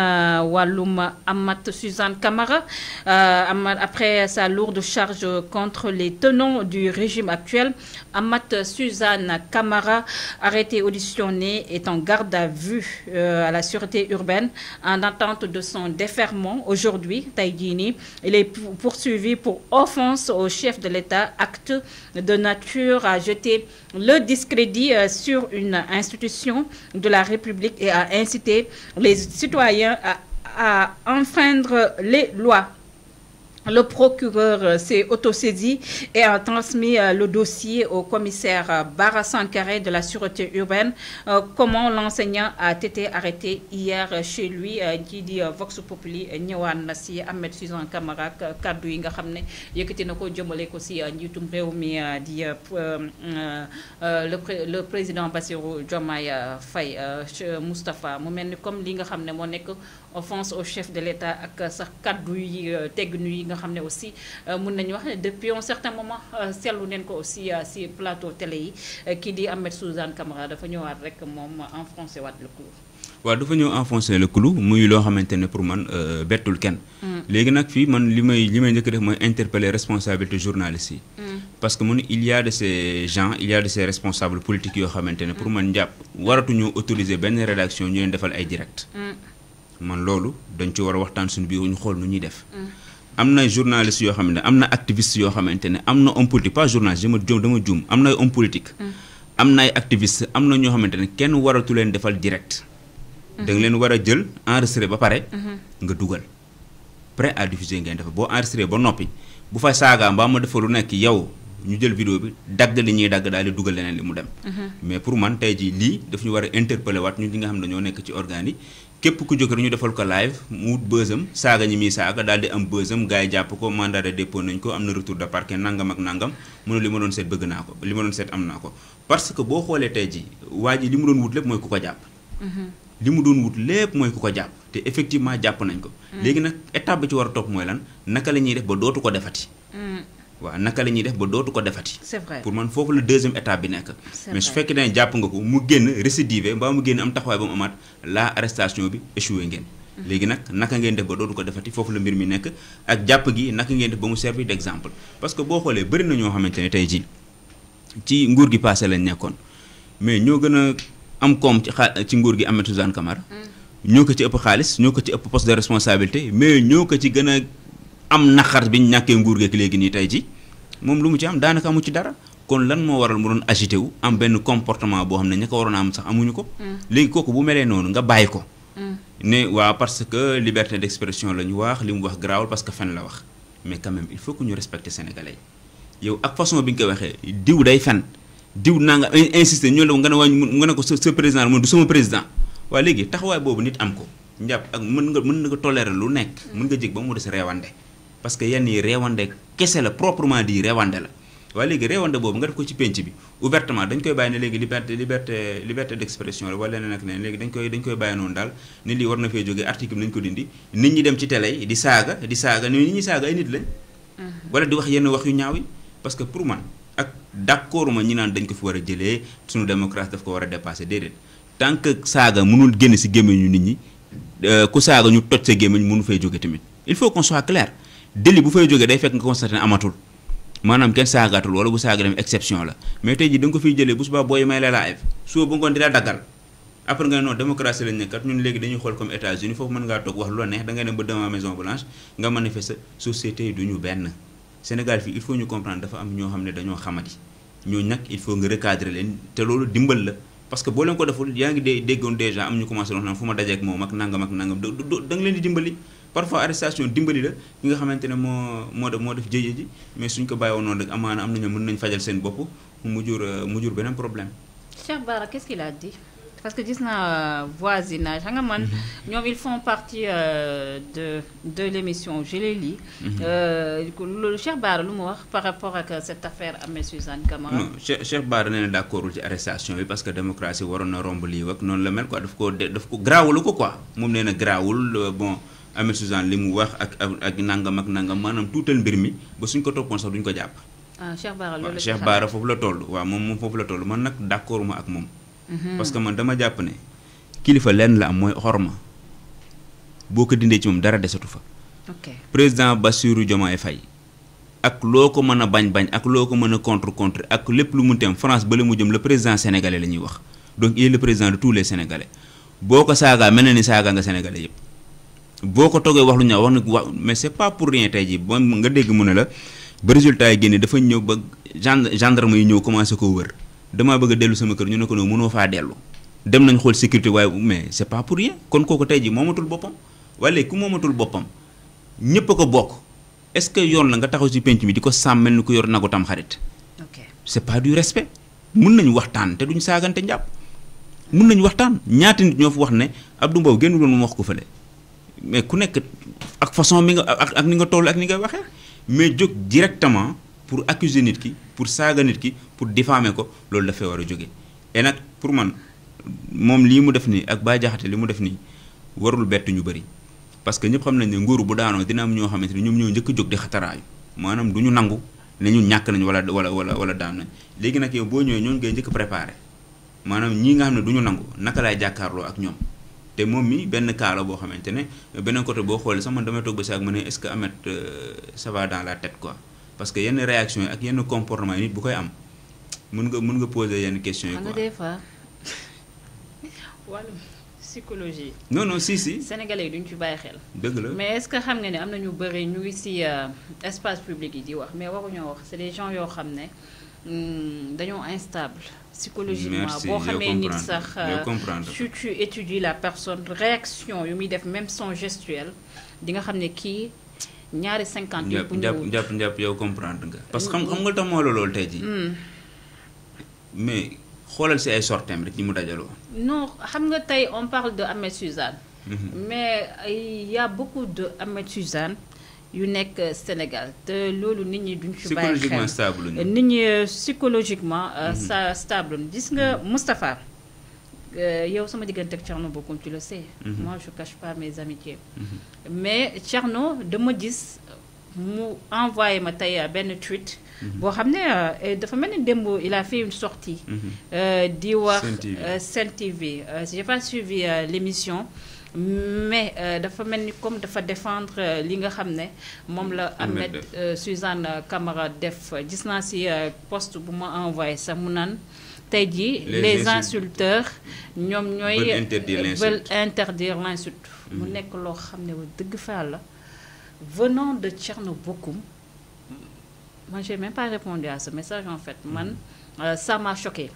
Euh, Walloum Amat Suzanne Kamara. Euh, après sa lourde charge contre les tenants du régime actuel, Amat Suzanne Kamara, arrêtée auditionnée, est en garde à vue euh, à la sûreté urbaine en attente de son déferment aujourd'hui, Taïdini. Il est poursuivi pour offense au chef de l'État, acte de nature à jeter le discrédit sur une institution de la République et à inciter les citoyens à, enfreindre les lois. Le procureur euh, s'est autosaisi et a transmis euh, le dossier au commissaire euh, Barra Sankaré de la Sûreté urbaine. Comment l'enseignant a été arrêté hier chez lui, qui dit Vox Populi, Niwan Nassi, Ahmed Suzan Kamara, Kadou Ramne. nga xam ne yëkkati na ko le président Bassirou Diomaye Faye Moustapha mu comme l'Inga nga xam offense au chef de l'État ak sax kaddu yi euh, tegginu yi nga xamné aussi euh, mën nañ wax depuis un certain moment euh, selu neen ko aussi si plateau télé yi ki di Ahmed Suzanne Camara dafa ñëwaat rek en français wat le clou wa dafa ñëw enfoncé le clou muy lo xamantene pour man bettul ken mm. légui nak fi man limay limay ñëk def moy interpeller responsabilité journaliste yi mm. parce que mon il y a de ces gens il y a de ces responsables politiques yo xamantene pour man waratu ñu autoriser ben rédaction ñu leen defal ay direct mm. man loolu dañ ci war a waxtaan suñu biir ñu xool nu ñuy def. Mm. am na journaliste yoo xam ne am na activiste yoo xamante ne am na homme politique pas journaliste dama juum dama jum am na ay homme mm. am na ay activiste am na ñoo xamante ne kenn waratu leen defal direct. Mm. da nga leen war a jël enregistré ba pare. Mm-hmm. nga dugal. pre à diffuser ngeen def boo enregistré ba noppi bu fa saagaa mbaam ma defa lu nekk yow ñu jël vidéo bi dagg li ñuy dagg daal di dugal leneen li mu dem. Mm-hmm. mais pour man tey jii lii daf ñu war a waat ñun ñi nga xam ne dañoo nekk ci organes képp ku jóg rek ñu defal ko live mu wut bësam saaga ñi muy saaga daal am bësam gars jàpp ko mandat de dépôt nañ ko am na retour de parquet nangam ak nangam mu li ma doon seet bëgg naa ko li ma doon seet am naa ko parce que boo xoolee tey ji waa ji li mu doon wut lépp mooy ku ko jàpp mm-hmm. li mu doon wut lépp mooy ku ko jàpp te effectivement jàpp nañ ko mm. léegi nag étape bi ci war a topp mooy lan naka la ñuy def ba dootu ko defati mm. waaw naka la def ba dootu ko defati. pour man foofu la deuxième étape bi nekk. mais su fekkee ne jàpp nga ko mu génn récidive mbaa mu génn am taxawaay ba mu amaat la arrestation bi échoué ngeen. Mm-hmm. léegi nag naka ngeen def ba dootu ko defati foofu la mbir mi nekk ak jàpp gi naka ngeen def ba mu servir d'exemple. parce que boo xoolee bëri na ñoo xamante ne tey jii ci nguur gi passé lañ nekkoon mais ñoo gën a am koom ci ci nguur gi Amath zane Camara. Mm. ñoo ko ci ëpp xaalis ñoo ko ci ëpp poste de responsabilité mais ñoo ko ci gën a. am na naqar biñ ñàkkee nguur geeg léegi nii tey ji moom lu mu ci am daanaka amu ci dara kon lan moo waral mu doon agité wu am benn comportement boo xam ne ña ko waroon am sax amuñu ko. Mm. léegi kooku bu melee noonu nga bàyyi ko. Mm. ne waa parce que liberté d'expression la ñu wax li mu wax garaawul parce que fen la wax mais quand même il faut que ñu respecter sénégalais yow ak façon bi nga ko waxee diw day fen diw naa nga insister ñu la nga ne waa nga ne ko sa sa président mu du sama président waaye léegi taxawaay boobu nit am ko njàpp ak mën nga mën nga tolérer lu nekk. Mm. mën nga jég ba mu des reewande parce que yenn yi réewande kese la proprement dit réewande la waaye léegi réewande boobu nga def ko ci penc bi ouvertement dañ koy bàyyi ne léegi liberté liberté liberté d'expression la wala leneen ak leneen léegi dañ koy dañ koy bàyyi noonu daal nit lii war na fee jógee article bi nañ ko dindi nit ñi dem ci télé di saaga di saaga nit ñi saaga ay nit lañ mhm. wala di wax yenn wax yu ñaaw yi parce que pour man ak d'accord ma ñi naan dañ ko fi war a jëlee suñu démocratie daf ko war a dépasser déedéet tant que saaga mënul génn si gémmiñu nit ñi euh, ku saaga ñu toj sa gémmiñ mënu fay jóge tamit il faut qu'on soit clair délit bu fay jógee day fekk nga Je ne amatul kenn wala bu dem exception la mais ji ko fiy faire bu may la live soo ba ngoon la après nga non démocratie lañ nekkat ñun légui dañuy xol comme États-Unis fofu mën nga tok wax lu neex da ngay dem ba devant Maison Blanche nga manifester société société du Sénégal fi il faut ñu comprendre dafa am ñoo xamné xamati il faut nga recadrer len té lolu dimbal la parce que bo len ko deful yaa ngi déggoon déjà am ñu commencé non fuma dajé ak mom ak nangam ak nangam da di parfois arrestation dimbali la ki nga xamantene mo mo moo def moo def jëye ji mais suñ ko bàyyiwoon noonu rek amana am nañu mën nañ fajal seen bop mu jur mu jur benen problème. Cheikh Bara qu'est-ce qu'il a dit parce que gis voisinage nga man mhm. ñom ils font partie euh, de de l'émission je les lis mhm. euh, loolu Cheikh Bara lu mu wax par rapport à cette affaire à Monsieur Suzanne Camara. non Cheikh Bara nee na ci arrestation bi parce que démocratie waroon na romb lii ak non la mel quoi daf ko daf ko grawul ko quoi moom nee grawul euh, bon. Ahmed Suzanne li mu wax ak ak nangam ak nangam maanaam tuutal mbir mi ba suñ ko toppoon sax duñ ko jàpp. ah Cheikh Bara loolu la foofu la toll waa moom moom foofu la toll man nag d' ak moom. Mhm. parce que man dama jàpp ne kilifa lenn la am mooy xorma boo ko dindee ci moom dara desatu fa. ok président Bassirou Diomaye Faye ak loo ko mën a bañ bañ ak loo ko mën a contre contre ak lépp lu mu tem France ba la mu jëm la président sénégalais la ñuy wax donc il est président de tous les sénégalais boo ko saagaa mel na ni saagaa nga sénégalais yëpp. boko toge wax lu ñaaw wax na mais c'est pas pour rien tayji ji bo nga dégg mu ne la ba résultat yi génné dafa ñëw ba gendarme yi ñëw commencé ko wër dama bëgg delu sama kër ñu ne ko no mëno fa delu dem nañ xol sécurité way mais c'est pas pour rien kon koko tayji momatul bopam walé ku momatul bopam ñepp ko bok est ce que yoon la nga taxaw ci pench mi diko ni ko yor nagu tam xarit ok c'est pas du respect mën nañ waxtaan te duñ saagante njàpp mën nañ waxtaan ñaati nit ñoo wax ne abdou mbaw génn doon wax ko fële mais ku nekk ak façon mi nga ak ni nga toll ak ni nga waxee mais jóg directement pour accuser nit ki pour saaga nit ki pour diffamer ko loolu dafay war a jóge et nag pour man moom lii mu def nii ak Bah li mu def nii warul bett ñu bëri parce que ñëpp xam nañ ne nguuru bu daanoo dina am ñoo xamante ni ñoom ñoo njëkk jóg di xataraayu maanaam du ñu nangu ne ñu ñàkk nañ wala wala wala wala daan nañ léegi nag yow boo ñëwee ñooñu ngay njëkk préparé maanaam ñii nga xam ne du nangu naka laay jàkkaarloo ak ñoom te moom mi benn cas la boo xamante côté bo xolé sama man tok toog ak est-ce que Ameth euh, ça va dans la tête quoi parce que yenn réaction ak yenn comportement nit bu koy am mun nga mun nga poser yenn question quoi. quoi des fois wàllum psychologie. non non si si. sénégalais yi duñ ci baye xel. la mais est-ce que xam nga ne am ñu bëri ñu ngi euh, espace public yi di wax mais waruñoo wax c'est des gens yo xamné ne hmm, dañoo instable psychologiquement bo xamé nit sax euh, su tu étudies la personne réaction yu muy def même son gestuel di nga xam ne kii ñaari cinquante yëpp njàpp njàpp yow comprendre nga parce que xam mm-hmm. nga tamoo la tay ji mm. mais xolal ci ay sortem rek ñi mu dajalo non xam nga tay on parle de Ahmed Suzanne mm-hmm. mais il y a beaucoup de Ahmed Suzanne unique euh, Sénégal te stable euh, psychologiquement sa euh, mhm. stable gis nga mhm. Moustapha yow sama tu le sais mhm. moi je cache pas mes amitiés mais de envoyé ma à Ben tweet ramener de dafa il a fait une sortie euh, j'ai pas suivi l'émission mais euh, dafa mel ni comme dafa défendre euh, li nga xam ne la Ahmed euh, Suzanne Camara def gis naa si poste bu ma envoyé sa mu naan tey jii les insulteurs ñoom ñooy veulent interdire l'insulte mu mm-hmm. nekk loo xam ne dëgg fa la venant de Thierno moi je j'ai même pas répondu à ce message en fait man mm-hmm. ça m'a choqué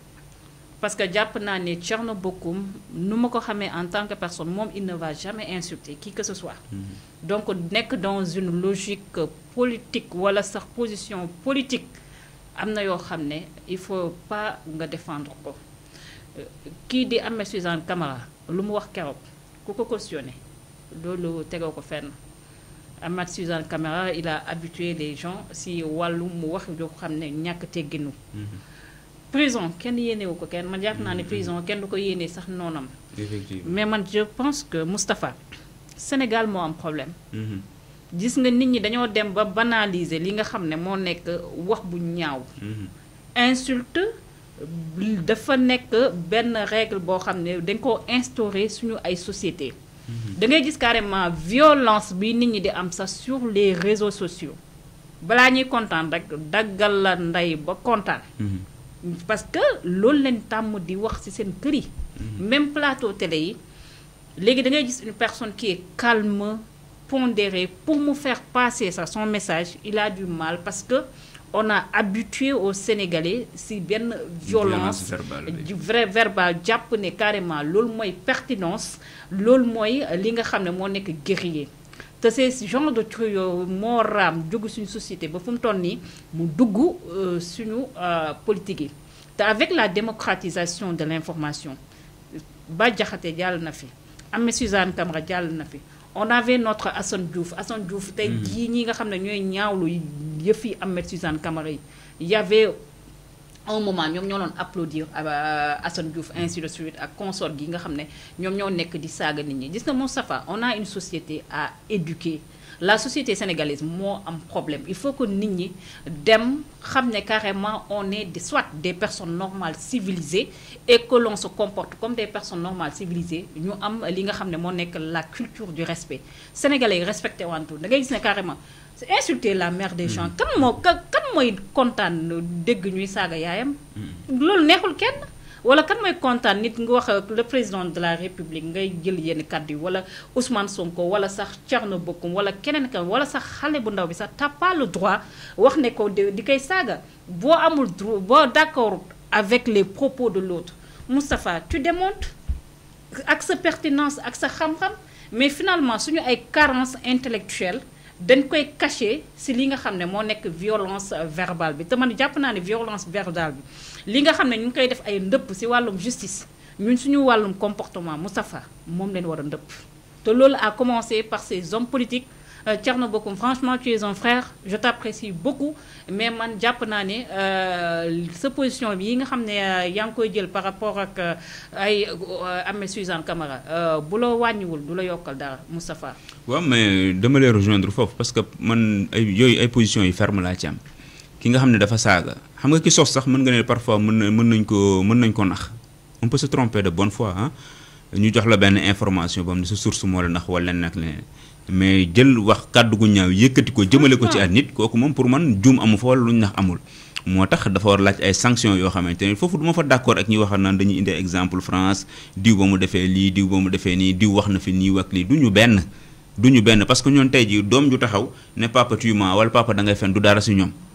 parce que japp na ne Thierno Bocoum nu en tant que personne mom il ne va jamais insulter qui que ce soit. Mm-hmm. donc que dans une logique politique wala sax position politique amna yo xamné il faut pas nga défendre ko. Qui euh, di Amadou Suzanne Camara lu mu wax kérok ko ko cautionné loolu tegoo ko fenn Ahmed Camara il a habitué les gens si wàllu mu wax yoo xam ne ñàkk tegginu mm-hmm prison kenn yéenewu ko kenn man jàpp naa ne prison kenn du ko yéenee sax noonam mais man je pense que Moustapha Sénégal moo am problème mhm. gis nga nit ñi dañoo dem ba banaliser li nga xam ne moo nekk wax bu ñaaw mhm. insulte dafa nekk benn règle boo xam ne dañ koo instaurer suñu ay société mhm. da ngay gis carrément violence bi nit ñi di am sax sur les réseaux sociaux balaa ñuy content rek daggal la ndey ba -hmm parce que loolu lañ tàmm di wax ci seen kër yi. Mhm. même plateau télé yi léegi da ngay une personne qui est calme pondérée pour me faire passer ça son message il a du mal parce que on a habitué aux Sénégalais si benn violence du vrai verbal jàpp ne carrément loolu mooy pertinence loolu mooy li nga xam ne moo nekk guerrier te ces genre de truc euh, moo raam c'est suñu société ba fum tonni mon mu dugg euh, suñu euh, politique avec la démocratisation de l'information ba Diakhaté jàll na fi Ahmed Suzanne Camara jàll na fi on avait notre Assane Diouf Assane Diouf tay mm-hmm. jii ñi nga xamné ñoy ñaawlu yëf yi Ahmed Suzanne Camara Il y avait un moment nous ñoo applaudir à euh, Assane Diouf ainsi de suite à consort gi nga xamné ñom ñoo nekk di nit on a une société à éduquer la société sénégalaise moi, un problème il faut que nit ñi dem carrément on est des soit des personnes normales civilisées et que l'on se comporte comme des personnes normales civilisées Nous avons, li nga la culture du respect sénégalais respecté wantou da ngay gis carrément insulter la mère des gens mm. kan moo kan moy contane dégg ñuy saga yaayam mm. loolu neexul kenn wala kan moy contane nit nga wax le président de la république ngay jël yenn kàddu wala Ousmane Sonko wala sax Thierno bokum wala keneen kan wala sax xalé bu ndaw bi sax t'as pas le droit wax ne ko di koy saaga amul droit d'accord avec les propos de l'autre Moustapha tu démontes? ak sa pertinence ak sa xam-xam mais finalement suñu ay carence intellectuelle dañ koy caché si li nga xam ne moo nekk violence verbale bi te man jàpp naa ne violence verbale bi li nga xam ne ñu ngi koy def ay ndëpp si wàllum justice ñun suñu wàllum comportement Moustapha moom leen war a ndëpp te loolu a commencé par ces hommes politiques euh, Tcherno franchement, tu es un frère, je t'apprécie beaucoup, mais man japp naa ne euh, sa position bi yi nga xamné euh, yang koy jël par rapport ak euh, ay Ahmed Suzanne Camara bu la wàññiwul du la dara Mustapha. wa mais dama lay rejoindre foofu parce que man ay yoy ay positions yi ferme la ci am ki nga xamné dafa saga xam nga ki sox sax mën nga né parfois mën nañ ko mën nañ ko nax on peut se tromper de bonne foi hein. ñu jox la benn information ba mu ne sa source moo la ndax wala leneen nag leneen mais jël wax kàddu gu ñaaw yëkkati ko jëmale ko ci at ah. nit kooku moom pour man juum amu fa lu ndax amul. moo tax dafa war laaj ay sanctions yoo xamante ne foofu du ma fa d'accord ak ñi waxal naan dañuy indi exemple France diw ba mu defee lii diw ba mu defee nii diw wax na fi nii wax lii du ñu benn. du ñu benn parce que ñoon tey jii doom ju taxaw ne papa tuuma wala papa da ngay fen du dara si ñoom.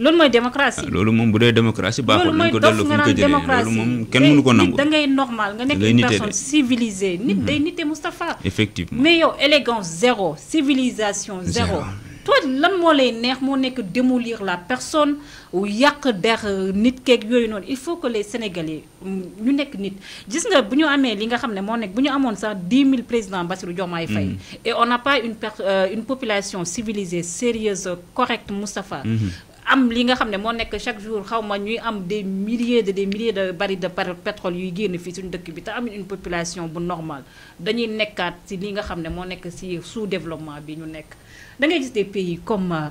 loolu mooy démocratie. Ah, loolu moom bu dee démocratie baaxul nañ ko delloo fu ñu ko jëlee loolu moom kenn mënu ko nangu. da ngay normal nga nekk une personne civilisée. nit mm-hmm. day nité Moustapha. effectivement mais yow élégance zéro civilisation zéro. toi lan moo lay neex moo nekk démolir la personne ou yàq der euh, nit keeg yooyu noonu il faut que les sénégalais mm, ñu nekk nit gis nga bu ñu amee li nga xam ne moo nekk bu ñu amoon sax 10 000 président Bassirou Diomaye Faye mm-hmm. et on n'a pas une euh, une population civilisée sérieuse correcte Moustapha mm-hmm am li nga xam mo nek chaque jour xawma ñuy am des milliers de des milliers de barils de pétrole yu génn fi suñu dëkk bi ta am une population bu normale dañuy nekkat ci li nga xam mo nek ci sous-développement bi ñu nekk da ngay gis des pays comme euh,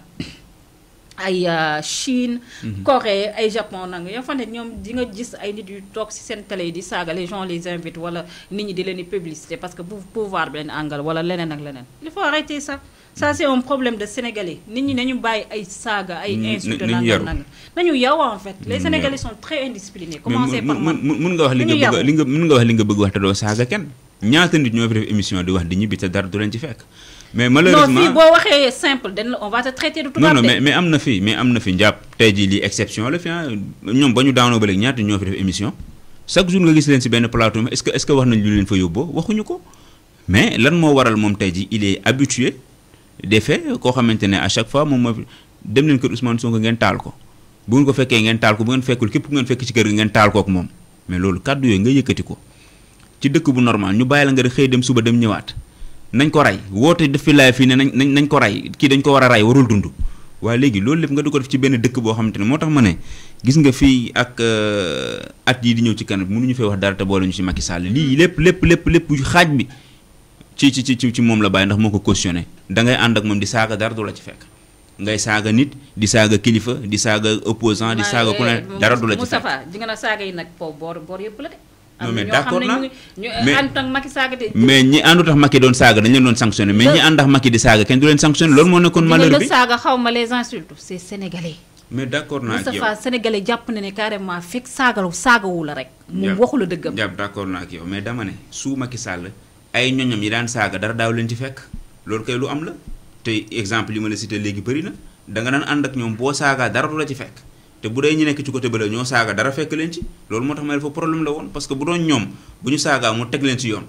ay euh, Chine. Mhm. Corée ay Japon nang anglais enfin ne ñoom di nga gis ay nit yu tok ci sen télé di saaga les gens les invitent wala nit ñi di leen publicité parce que bu pouvoir ben angle wala leneen ak leneen il faut arrêter ça ça c'est un problème de sénégalais nit ñi nañu bàyyi ay saga ay insulte nangam nangam nañu yow en fait les sénégalais sont très indisciplinés commencez par man mën nga wax li nga bëgg li nga mun nga wax li nga bëgg wax te doo saaga kenn ñaata nit ñoo fi def émission di wax di ñibi te dar du leen ci fekk mais malheureusement non fii boo waxee simple dañ on va te traiter de tout non non mais mais am na fi mais am na fi njàpp tey jii lii exception la fi ah ñoom ba ñu daanoo ba léegi ñaata ñoo fi def émission chaque jour nga gis leen si benn plateau est ce que est ce que wax nañ lu leen fa yóbboo waxuñu ko mais lan moo waral moom tey jii il est habitué des faits koo xamante ne à chaque fois moom mooy dem leen kër Ousmane Sonko ngeen ko bu ngeen ko fekkee ngeen taal ko bu ngeen fekkul képp ku ngeen fekk ci kër gi ngeen taal ko ak moom mais loolu kàddu yooyu nga yëkkati ko ci dëkk bu normal ñu bàyyi la nga xëy dem suba dem ñëwaat nañ ko rey woote def fi laay fii ne nañ nañ ko ray kii dañ ko war a ray warul dund waaye léegi loolu lépp nga di ko def ci benn dëkk boo xamante ne moo tax ma ne gis nga fii ak euh, at yii di ñëw ci kanam mënuñu fee wax dara te ñu ci Macky Sall lii lépp lépp lépp lépp xaaj bi ci ci ci ci moom la bàyyi ndax moo ko cautionné da ngay ànd ak moom di saaga dara du la ci fekk ngay saaga nit di saaga kilifa di saaga opposant di saaga ku ne dara du la ci fekk Moustapha di nga saaga yi nag boor boor yëpp la de. non mais d'accord na mais ñi àndut ak Macky doon saaga dañ leen doon sanctionné mais ñi ànd ak Macky di saaga kenn du leen sanctionné loolu moo nekkoon malheur bi saaga xaw ma les insultes c'est sénégalais. mais d'accord naa ak yow Moustapha sénégalais jàpp na ne carrément fekk saagalu saagawu la rek. moom waxu la dëggam jàpp d'accord naa ak yow mais dama ne su Macky Sall ay ñoñam yi daan saaga dara daaw leen ci fekk loolu kay lu am la te exemple yi ma la cité léegi bëri na da nga daan ànd ak ñoom boo saagaa dara du la ci fekk te bu dee ñu nekk ci côté bële ñoo saaga dara fekk leen ci loolu moo tax ma ne fa problème la woon parce que bu doon ñoom bu ñu saagaa mu teg leen ci yoon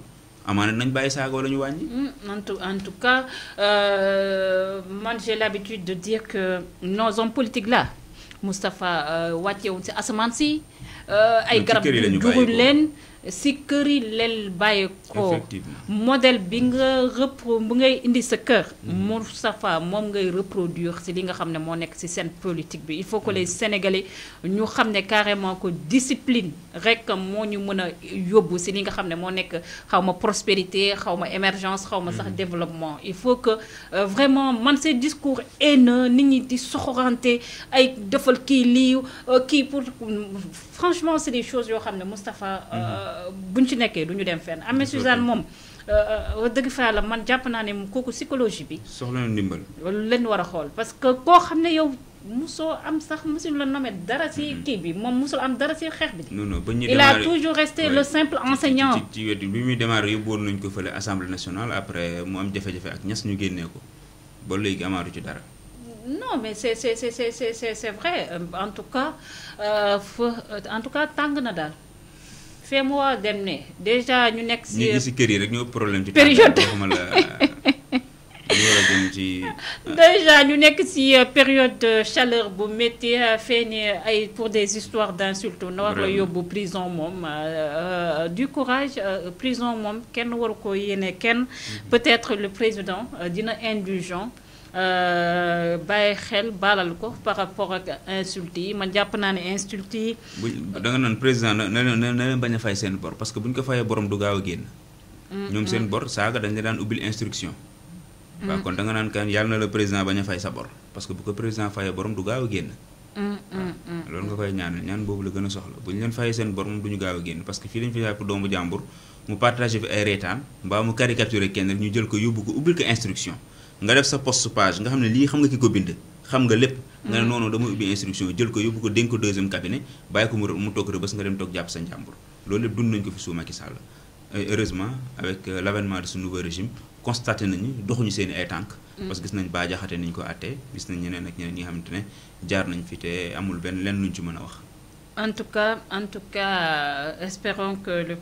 amaana nañ bàyyi saaga lañu ñu wàññi. Hmm, en tout en tout cas euh, man j'ai l'habitude de dire que nos hommes politiques là Moustapha euh, wàcceewul si asamaan si. Euh, ay garab yu dugul leen. si kër lel leel ko modèle bi nga repro bu ngay indi sa cœur Moustapha mom ngay reproduire ci li nga xamné mo nek ci si politique bi il faut que les mm. sénégalais ñu xamné carrément que discipline rek monnaie ñu mëna yobbu de li nga xamné mo nek xawma prospérité xawma émergence xawma sax mm-hmm. développement il faut que euh, vraiment man ces discours haineux nit ñi di soxorante ay defal ki li euh, ki pour mm, franchement c'est des choses yo xamné ne Moustapha euh, mm-hmm buñ ci nekkee duñu dem fenn Ameth Suzanne moom euh, dëgg fa la man jàpp naa ne kooku psychologie bi. soxla na ndimbal. loolu leen war a xool parce que koo xam ne yow musoo am sax mosuñu la nommé dara si mm-hmm. kii bi moom mosul am dara si xeex bi. non non ba ñu il a toujours resté le simple enseignant. ci ci wetu bi muy démarré yóbbuwoon nañ ko fële assemblée nationale après mu am jafe-jafe ak ñas ñu génnee ko ba léegi amaatu ci dara. non mais c'est c'est c'est c'est c'est vrai euh, en tout cas euh, en tout cas tàng na daal fait moi war déjà ñu nek ci ñi si kër yi rek ñoo problème ci. période ah. déjà ñu nek ci euh, période de chaleur bu metti euh, fini ay pour des histoires d'insultes war la yobbu prison mom euh, du courage prison mom kenn war ko yéene kenn mm-hmm. peut-être le président dina indulgent Euh, bàyyi xel baalal ko par rapport ak insulte yi man jàpp naa ne insulte yi. da nga naan président na na na leen bañ a fay seen bor parce que bu ñu ko fayee borom du gaaw a génn. Mm, ñoom seen mm. bor saaga dañ la daan ubbil instruction. Mm. waaw kon da nga naan kan yàlla na la président bañ a fay sa bor parce que bu ko président fayee borom du gaaw a génn. loolu nga koy ñaanal ñaan boobu la gën a soxla bu ñu leen fayee seen bor moom du ñu gaaw a génn parce que fii lañ fi jàpp doomu jàmbur mu partagé fi ay reetaan mbaa mu caricaturé kenn ñu jël ko yóbbu ko ubbil ko instruction. nga def sa post page nga xam ne lii xam nga ki ko bind xam nga lépp nga ne mm-hmm. noonu dama ubbi instruction jël ko yóbbu ko dénk deuxième cabinet bàyyi ko mu mu toog rëbës nga dem toog jàpp sa njàmbur loolu lépp dund nañ ko fi sous Macky Sall heureusement avec euh, l' avènement de ce nouveau régime constaté nañu doxuñu seen ay tànk mm-hmm. parce que gis nañ baa jaxate niñ ko àttee gis nañ ñeneen ak ñeneen ñi nga xamante ne jaar nañ fi te amul benn lenn luñ ci mën a wax en tout cas en tout cas euh, espérons que le